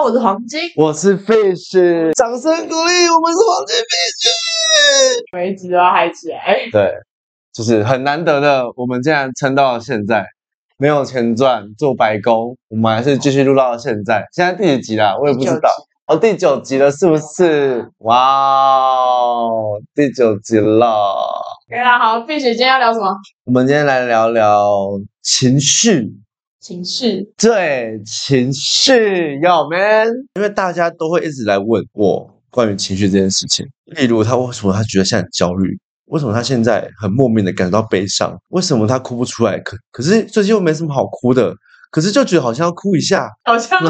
我是黃金，我是 Fish。掌聲鼓勵，我們是黃金 Fish。每一集都要嗨起來，哎，對，就是很難得的，我們竟然撐到了現在，沒有錢賺，做白工，我們還是繼續錄到了現在，哦。現在第幾集了？我也不知道，哦，第九集了，是不是？哇哦，第九集了。對啊，好，Fish，今天要聊什麼？我們今天來聊聊情緒。情緒，對情緒，友們，因為大家都會一直來問我關於情緒這件事情。例如，他為什麼他覺得現在很焦慮？為什麼他現在很莫名的感覺到悲傷？為什麼他哭不出來？可可是最近又沒什麼好哭的，可是就覺得好像要哭一下，好像。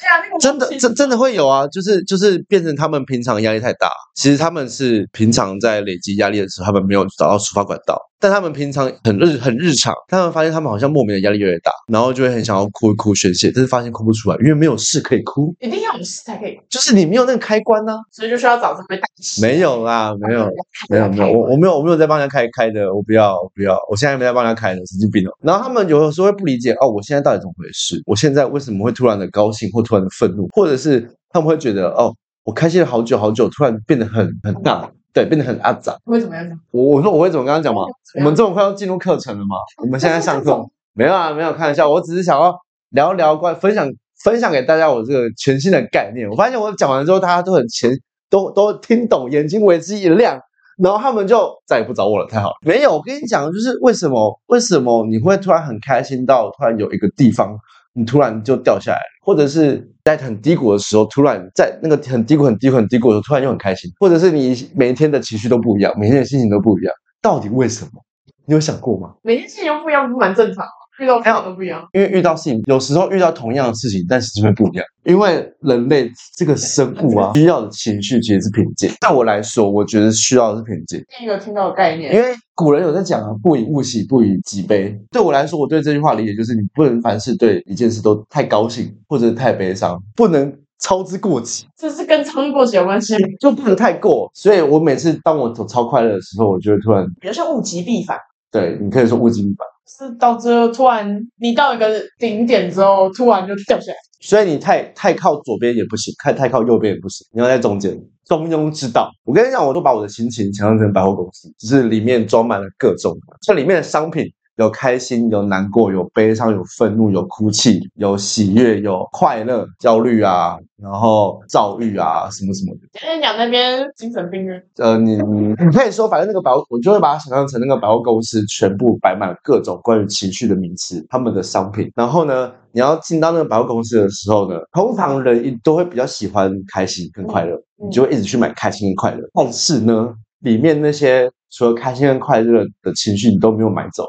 對啊那個、真的真真的會有啊，就是就是變成他們平常壓力太大，其實他們是平常在累積壓力的時候，他們沒有找到抒發管道，但他們平常很日很日常，他們發現他們好像莫名的壓力越來越大，然後就會很想要哭一哭宣洩，但是發現哭不出來，因為沒有事可以哭，一定要有事才可以哭，就是你沒有那個開關呢、啊，所以就是要找這邊大。沒有啦，沒有沒有沒有我我沒有我沒有在幫人家開開的，我不要我不要，我現在沒在幫他開的，神經病哦。然後他們有的時候會不理解哦，我現在到底怎麼回事？我現在為什麼會突然的高興或？突然的憤怒，或者是他們會覺得哦，我開心了好久好久，突然變得很很大，對，變得很 up 炸。會怎麼樣？我我說我會怎麼跟他講嘛？我們這麼快要進入課程了嘛？我們現在上課沒有啊？沒有開玩笑，我只是想要聊聊，關分享分享給大家我這個全新的概念。我發現我講完之後，大家都很前，都都聽懂，眼睛為之一亮，然後他們就再也不找我了，太好了。沒有，我跟你講，就是為什麼為什麼你會突然很開心到突然有一個地方，你突然就掉下來了，或者是在很低谷的時候，突然在那個很低谷、很低谷、很低谷的時候，突然又很開心，或者是你每一天的情緒都不一樣，每天的心情都不一樣，到底為什麼？你有想過嗎？每天心情不一樣，不是蠻正常。遇到什麼都不一樣，因為遇到事情，有時候遇到同樣的事情，但是就會不一樣。 因為人類這個生物啊，需要的情緒其實是平靜。但我來說，我覺得需要的是平靜。第一個聽到的概念，因為古人有在講啊，“不以物喜，不以己悲。”對我來說，我對這句話理解就是，你不能凡事對一件事都太高興，或者是太悲傷，不能操之過急。這是跟操之過急有關係，就不能太過。所以我每次當我走超快樂的時候，我就會突然，比如說物極必反。對，你可以說物極必反。是到最後突然，你到一個頂點之後，突然就掉下來。所以你太太靠左邊也不行，太太靠右邊也不行，你要在中間，中庸之道。我跟你講，我都把我的心情想象成百貨公司，只是裡面裝滿了各種，這裡面的商品。有開心，有難過，有悲傷，有憤怒，有哭泣，有喜悅，有快樂，焦慮啊，然後躁鬱啊，什麼什麼的。講一講那邊精神病院，呃，你你可以說，反正那個百貨我就會把它想象成那個百貨公司，全部擺滿了各種關於情緒的名詞，他們的商品。然後呢，你要進到那個百貨公司的時候呢，通常人一都會比較喜歡開心跟快樂，你就會一直去買開心跟快樂。嗯，但是呢，裡面那些除了開心跟快樂的情緒，你都沒有買走。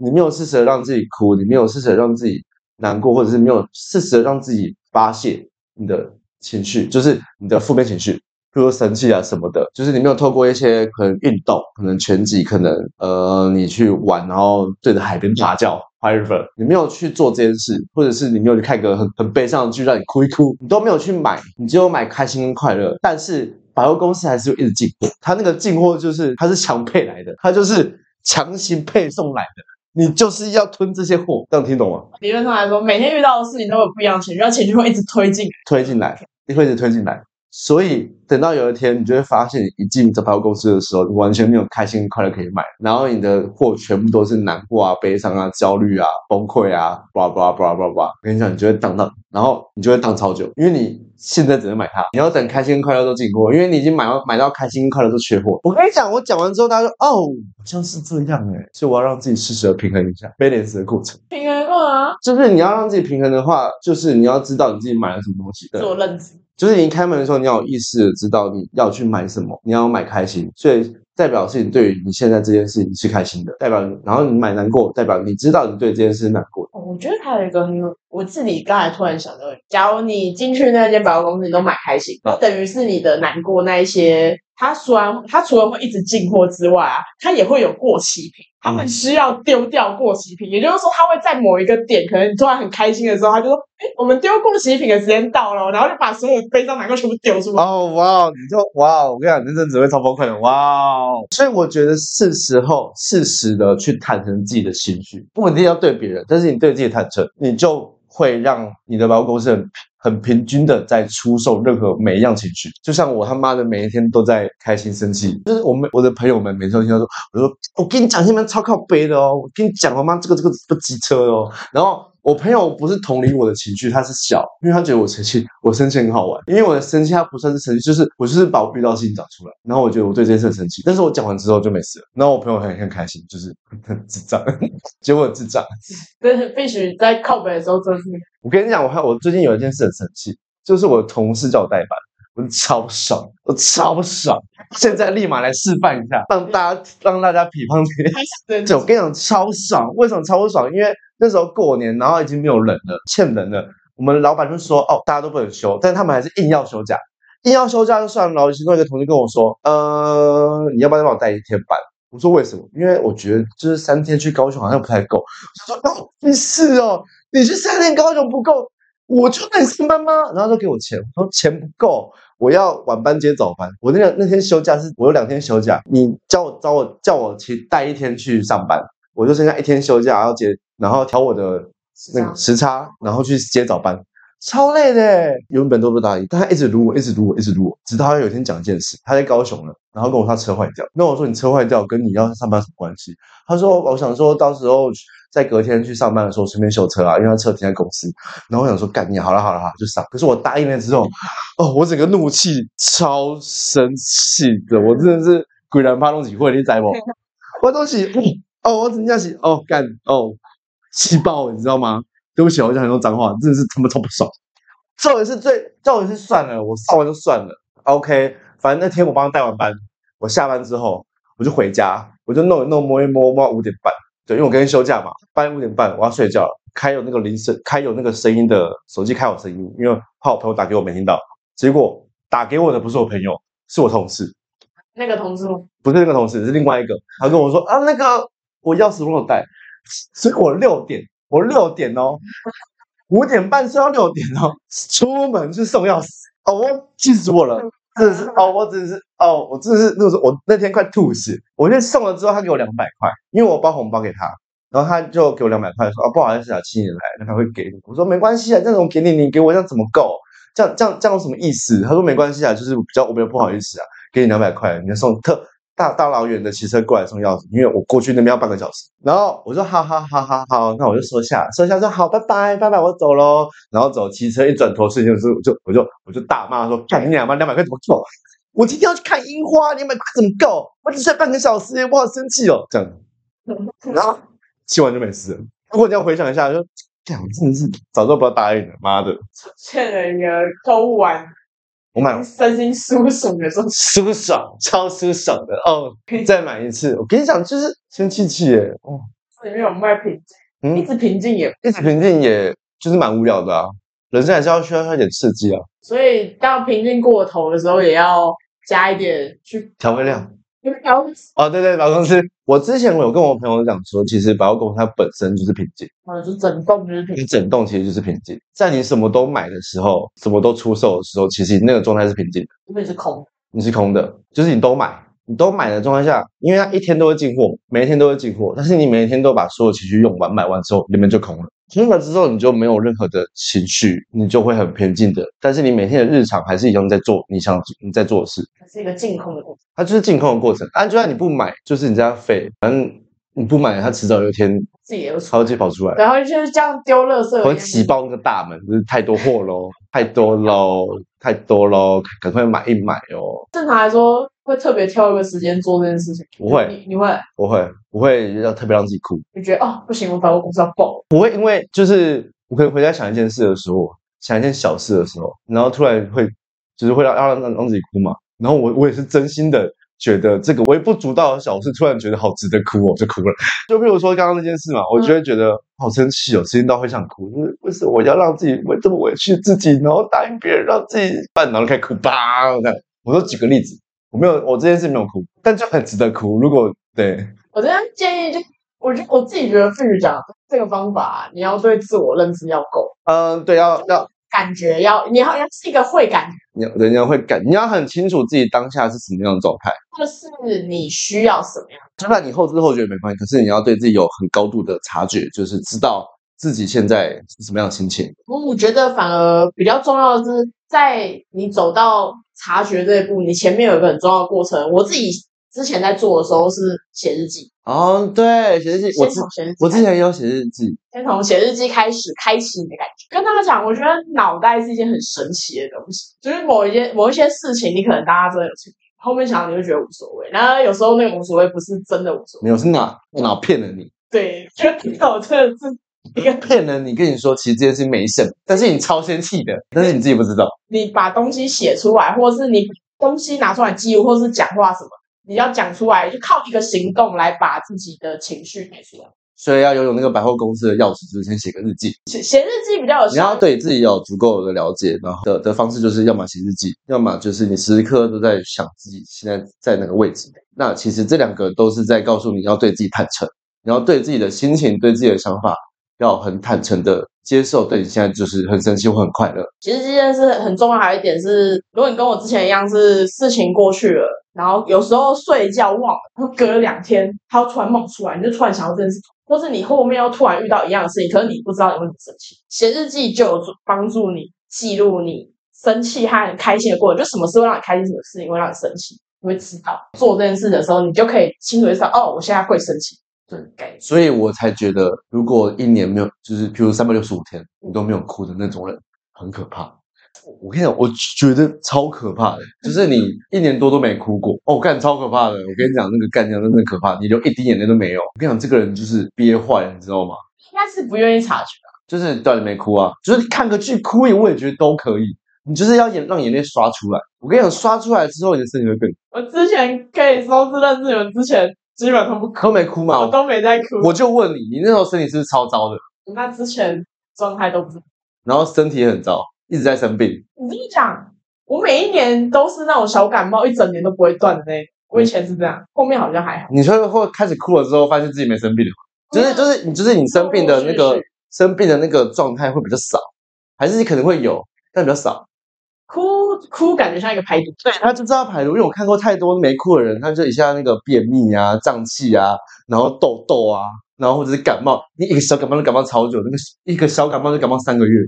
你沒有適時的讓自己哭，你沒有適時的讓自己難過，或者是沒有適時的讓自己發洩你的情緒，就是你的負面情緒，譬如生氣啊什麼的。就是你沒有透過一些可能運動，可能拳擊，可能呃你去玩，然後對着海邊大叫，whatever。你沒有去做這件事，或者是你沒有去看個很很悲傷的劇讓你哭一哭，你都沒有去買，你只有買開心跟快樂。但是百貨公司還是有一直進貨，他那個進貨就是他是強配來的，他就是強行配送來的。你就是要吞這些貨，這樣聽懂嗎？理論上來說，每天遇到的事情都有不一樣的情緒，然後情緒會一直推進，推進來，Okay. 你會一直推進來。所以等到有一天，你就會發現，你一進這家公司的時候，你完全沒有開心快樂可以買，然後你的貨全部都是難過啊、悲傷啊、焦慮啊、崩潰啊，blah blah blah blah blah。我跟你講，你就會蕩蕩，然後你就會蕩超久，因為你現在只能買它，你要等開心快樂都進貨，因為你已經買到買到開心快樂都缺貨。我跟你講，我講完之後，大家說：“哦，好、就、像是這樣誒、欸。”所以我要讓自己適時的平衡一下 balance 的過程。平衡過嗎？就是你要讓自己平衡的話，就是你要知道你自己買了什麼東西的，做認知。就是你開門的時候，你要有意識的知道你要去買什麼，你要買開心，所以代表是你對於你現在這件事情是開心的，代表你。然後你買難過，代表你知道你對這件事是難過的。哦，我覺得還有一個很有，我自己剛才突然想到，假如你進去那間百貨公司你都買開心，那等於是你的難過那一些，它雖然它除了會一直進貨之外啊，它也會有過期品。他們需要丟掉過期品，也就是說，他會在某一個點，可能你突然很開心的時候，他就說：“哎、欸，我們丟過期品的時間到了。”然後就把所有的悲傷難過全部丟出來，出嗎？哦，哇，你就哇，wow, 我跟你講，那陣只會超崩潰的，哇、wow！所以我覺得是時候適時的去坦誠自己的情緒，不一定要對別人，但是你對自己坦誠，你就。會讓你的百貨公司很很平均的在出售任何每一樣情緒，就像我他媽的每一天都在開心生氣，就是我們我的朋友們每次聽到說，我說我跟你講，你們超靠北的哦，我跟你講，我媽這個這個不機車哦，然後。我朋友不是同理我的情緒，他是笑，因為他覺得我生氣，我生氣很好玩。因為我的生氣，他不算是生氣，就是我就是把我遇到事情找出來。然後我覺得我對這件事很生氣，但是我講完之後就沒事了。然後我朋友很很開心，就是很智障，呵呵結果智障。但是必須在靠北的時候做、就、事、是。我跟你講，我還我最近有一件事很生氣，就是我的同事叫我代班，我超爽，我超爽。現在立馬來示範一下，讓大家讓大家批判。對、哎，我跟你講，超爽。為什麼超爽？因為。那時候過年，然後已經沒有人了，欠人了。我們老板就說：“哦，大家都不能休，但他們還是硬要休假，硬要休假就算了。”其中一個同事跟我說：“呃，你要不要幫我帶一天班？”我說：“為什麼？因為我覺得就是三天去高雄好像不太夠。”他說：“哦，你是哦，你去三天高雄不夠，我就帶你上班嗎？”然後就給我錢，我說錢不夠，我要晚班接早班。我那個那天休假是，我有兩天休假，你叫我找我叫我去帶一天去上班。我就剩下一天休假，然後接，然後調我的那個時差，時差，然後去接早班，超累的。原本都不答應，但他一直辱我，一直辱我，一直辱我，直到他有一天講一件事，他在高雄了，然後跟我說他車壞掉。那我說你車壞掉跟你要上班什麼關係？他說我想說到時候在隔天去上班的時候順便修車啊，因為他車停在公司。然後我想說幹你、啊、好了好了，就上。可是我答應了之後，哦，我整個怒氣超生氣的，我真的是鬼然發東西會你載我發東西。 哦，我怎麼想起哦幹哦氣爆，你知道嗎？對不起，我講很多髒話，真的是他媽超不爽。這也是最，這也是算了，我上完就算了。OK，反正那天我幫他帶完班，我下班之後我就回家，我就弄一弄摸一摸摸到五點半。對，因為我跟人休假嘛，半夜五點半我要睡覺了，開有那個鈴聲，開有那個聲音的手機開有聲音，因為怕我朋友打給我沒聽到。結果打給我的不是我朋友，是我同事。那個同事嗎？不是那個同事，是另外一個。他跟我說啊，那個。我鑰匙沒有帶，所以我六點，我六點哦，五點半睡到六點哦，出門去送鑰匙，哦，氣死我了，真的是哦，我真的是哦，我真的是那個時候，我那天快吐死。我那天送了之後，他給我兩百塊，因為我包紅包給他，然後他就給我兩百塊，說哦，不好意思啊，請你來，那他會給我。我說沒關係啊，這種給你，你給我這樣怎麼夠？這樣這樣這樣有什麼意思？他說沒關係啊，就是比較我沒有不好意思啊，給你兩百塊，你要送特。大大老遠的騎車過來送鑰匙，因為我過去那邊要半個小時。然後我說好好好好好,好，那我就收下。收下說好，拜拜拜拜，我走嘍。然後走騎車一轉頭，事情是我就我就我就,我就大罵說：幹、哎、你娘、啊！兩兩百塊怎麼夠？我今天要去看櫻花，兩百塊怎麼夠？我只睡半個小時耶，我好生氣哦，這樣。然後騎完就沒事了。如果你要回想一下，就這樣真的是早知道不要答應了，媽的！確認你的購物完。我買了，三星舒爽的說，舒爽，超舒爽的哦，oh, 可以再買一次。我跟你講，就是生氣氣耶、欸，哦、oh，這裡面有賣平靜，一直平靜也，一直平靜也就是蠻無聊的啊，人生還是要需要一點刺激啊。所以到平靜過頭的時候，也要加一點去調味料。哦， oh, 對對，百貨公司。我之前我有跟我朋友講說，其實百貨公司它本身就是平靜，哦、啊，就整棟就是平，整棟其實就是平靜。在你什麼都買的時候，什麼都出售的時候，其實你那個狀態是平靜的，因為你是空。你是空的，就是你都買，你都買的狀態下，因為它一天都會進貨，每一天都會進貨，但是你每一天都把所有情緒用完買完之後，裡面就空了。停了之後，你就沒有任何的情緒，你就會很平靜的。但是你每天的日常還是一樣在做你想你在做的事，它是一個淨空的過程。它就是淨空的過程。啊，就算你不買，就是你在廢，反正你不買，它遲早有一天自己也會超級跑出來。然後就是這樣丟垃圾，會擠爆那個大門，就是太多貨嘍， 太多嘍，太多嘍，趕快買一買哦。正常來說。會特別挑一個時間做這件事情，不會你？你會？我會，我會要特別讓自己哭。你覺得哦，不行，我百貨公司要爆了。不會，因為就是我可以回家想一件事的時候，想一件小事的時候，然後突然會，就是會讓讓讓，讓自己哭嘛。然後我我也是真心的覺得這個微不足道的小事，突然覺得好值得哭，我就哭了。就比如說剛剛那件事嘛，我就會覺得、嗯、好生氣哦，生氣到會想哭，就是為什麼我要讓自己我這麼委屈自己，然後答應別人，讓自己半腦開哭吧？這、呃、樣，我都舉個例子。我沒有，我這件事沒有哭，但就很值得哭。如果對，我真的建議就，我就我自己覺得副長，富宇講這個方法，你要對自我認知要夠。嗯、呃，對，要要感覺要，你要要是一個會感覺你，你要會感，你要很清楚自己當下是什麼樣的狀態。或者是你需要什麼樣的？就算你後知後覺也沒關係，可是你要對自己有很高度的察覺，就是知道，自己現在是什麼樣的心情？我我覺得反而比較重要的是，在你走到察覺這一步，你前面有一個很重要的過程。我自己之前在做的時候是寫日記。哦，對，寫日記。我先從寫日記，我之前也有寫日記。先從寫日記開始開啟你的感覺。跟他們講，我覺得腦袋是一件很神奇的東西。就是某一些某一些事情，你可能大家真的有情緒，後面想你就覺得無所謂。然後有時候那種無所謂不是真的無所謂，沒有是腦我腦騙了你？對，就腦子真的一個騙人，你跟你說，其實這件事沒什麼，但是你超生氣的，但是你自己不知道。嗯，你把東西寫出來，或者是你東西拿出來記錄，或者是講話什麼，你要講出來，就靠一個行動來把自己的情緒給出來。所以要擁有那個百貨公司的鑰匙，就是先寫個日記，寫寫日記比較有，你要對自己有足夠的了解，然後的的方式就是要麼寫日記，要麼就是你時時刻刻都在想自己現在在哪個位置。嗯。那其實這兩個都是在告訴你要對自己坦誠，你要對自己的心情，對自己的想法。要很坦誠的接受，對你現在就是很生氣或很快樂。其實這件事很重要的一點是，如果你跟我之前一樣，是事情過去了，然後有時候睡覺忘了，然後隔了兩天，他又突然冒出來，你就突然想到這件事，或是你後面又突然遇到一樣的事情，可是你不知道你會很生氣。寫日記就有幫助你記錄你生氣和開心的過程，就什麼事會讓你開心，什麼事情會讓你生氣，你會知道。做這件事的時候，你就可以清楚知道，哦，我現在會生氣。對，所以我才覺得，如果一年沒有，就是，譬如三百六十五天，你都沒有哭的那種人，很可怕。我，我跟你講，我覺得超可怕的，就是你一年多都沒哭過，哦，我幹超可怕的。我跟你講，那個幹這真的可怕，你就一滴眼淚都沒有。我跟你講，這個人就是憋壞了，你知道嗎？應該是不願意察覺啊，就是到底沒哭啊，就是看個劇哭也，我也覺得都可以。你就是要眼讓眼淚刷出來。我跟你講，刷出來之後，你的身體會更……我之前可以說是認識你們之前。基本上不哭都沒哭嘛，我都沒在哭。我就問你，你那時候身體是不是超糟的？那之前狀態都不是，然後身體很糟，一直在生病。你，跟你講，我每一年都是那種小感冒，一整年都不會斷的、欸嗯。我以前是這樣，後面好像還好。你說會開始哭了之後，發現自己沒生病的話、嗯，就是就是你就是你生病的那個、嗯、是是是生病的那個狀態會比較少，還是你可能會有，但比較少。哭感覺像一個排毒，對，他就知道排毒，因為我看過太多沒哭的人，他就一下那個便秘啊、脹氣啊，然後痘痘啊。然後或者是感冒，你一個小感冒就感冒超久，那個一個小感冒就感冒三個月、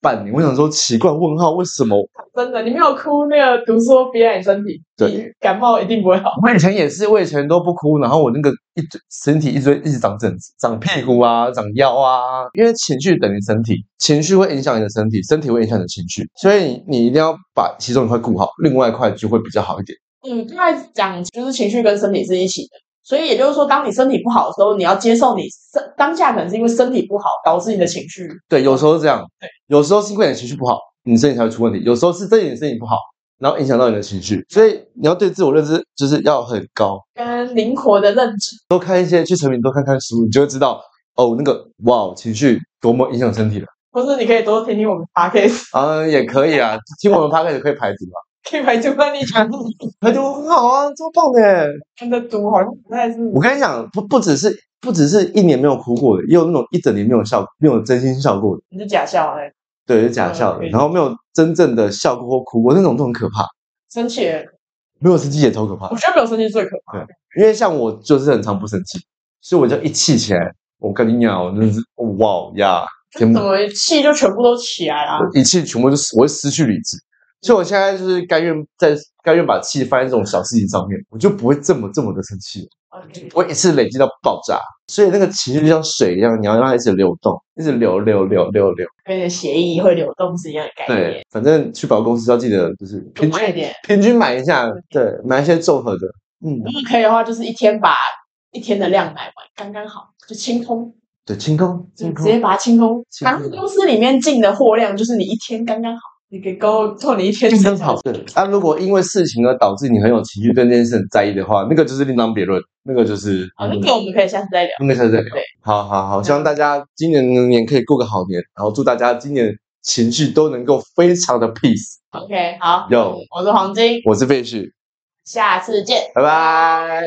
半年。我想說、嗯、奇怪問號，為什麼？真的，你沒有哭，那個讀書憋在你身體，對，你感冒一定不會好。我以前也是，我以前都不哭，然後我那個一直身體一直一直長疹子、長屁股啊、長腰啊，因為情緒等於身體，情緒會影響你的身體，身體會影響你的情緒，所以你，你一定要把其中一塊顧好，另外一塊就會比較好一點。嗯，剛才講就是情緒跟身體是一起的。所以也就是說，當你身體不好的時候，你要接受你身當下可能是因為身體不好導致你的情緒。對，有時候是這樣。對，有時候是因為你情緒不好，你身體才會出問題。有時候是這一點身體不好，然後影響到你的情緒。所以你要對自我認知就是要很高，跟靈活的認知。多看一些，去成品多看看書，你就會知道哦，那個哇哦，情緒多麼影響身體了。或者你可以多聽聽我們 Podcast。啊、嗯，也可以啊， 聽我們 Podcast 可以排毒啊。可以排毒、啊，你講 排就很好啊，這麼棒的。真的毒好像不太是。我跟你講，不不只是不只是一年沒有哭過的，也有那種一整年沒有笑，沒有真心笑過的，你是假笑誒。對，是假笑的，嗯，然後沒有真正的笑過或哭過，那種都很可怕。生氣，沒有生氣也超可怕。我覺得沒有生氣最可怕。因為像我就是很常不生氣，所以我就一氣起來，我跟你講，真就是，嗯、哇呀，怎麼氣就全部都起來了，一氣全部就我會失去理智。所以我現在就是甘願在甘願把氣放在這種小事情上面，我就不會這麼這麼的生氣了，我一次累積到爆炸，所以那個情緒就像水一樣，你要讓它一直流動，一直流流流流流，跟血液會流動是一樣的概念。對，反正去百貨公司要記得就是平均一點，平均買一下，對，買一些綜合的。嗯，如果可以的話，就是一天把一天的量買完，剛剛好就清空。對，清空，清空，直接把它清空。公司裡面進的貨量就是你一天剛剛好。你給勾揍你一天。真好。對，那、啊、如果因為事情而導致你很有情緒，對那件事很在意的話，那個就是另當別論，那個就是。好那個、我們可以下次再聊。那個、下次再聊。好好好，希望大家今年年可以過個好年，然後祝大家今年情緒都能夠非常的 peace。OK，好。Yo，我是黃金，我是 Fish，下次見，拜拜。